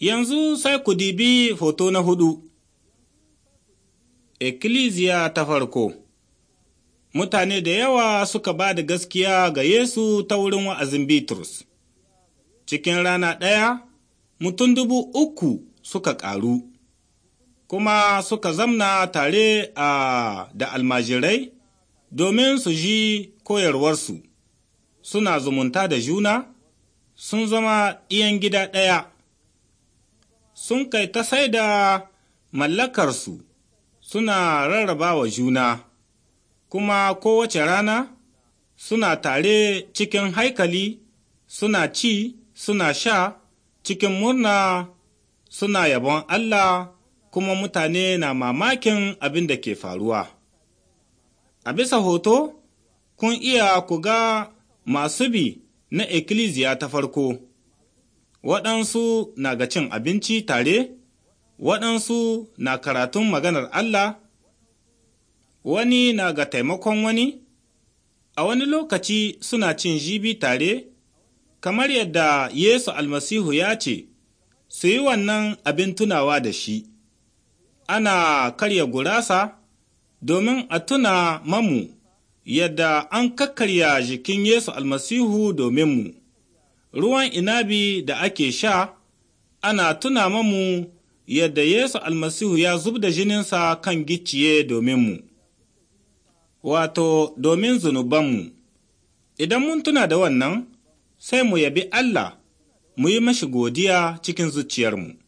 Yanzu sai ku dibi hoto na hudu. Ekklesia ta farko Mutane da yawa suka ba da gaskiya ga Yesu ta wurin wa'azin Bitrus. Cikin rana ɗaya, mutum dubu uku suka ƙaru, kuma suka zamna tare a da almajirai domin su ji koyarwarsu, suna zumunta da juna, sun zama ɗiyan gida ɗaya. sun kai ta sai da mallakarsu suna rarraba wa juna, kuma kowace rana suna tare cikin haikali suna ci suna sha cikin murna suna yabon Allah kuma mutane na mamakin abin da ke faruwa. A bisa hoto, kun iya ku ga masu bi na ikkilisiya ta farko. waɗansu na ga cin abinci tare, waɗansu na karatun maganar Allah, wani na ga taimakon wani, a wani lokaci suna cin jibi tare, kamar yadda Yesu almasihu ya ce, su yi wannan abin tunawa da shi, ana karya gurasa domin a tuna mamu yadda an kakkarya jikin Yesu almasihu domin mu. ruwan inabi da ake sha, ana tuna mamu yadda Yesu almasihu ya zub da jininsa kan gicciye dominmu, wato domin zunubanmu. Idan mun tuna da wannan, sai mu yabi Allah, mu yi mashi godiya cikin zuciyarmu.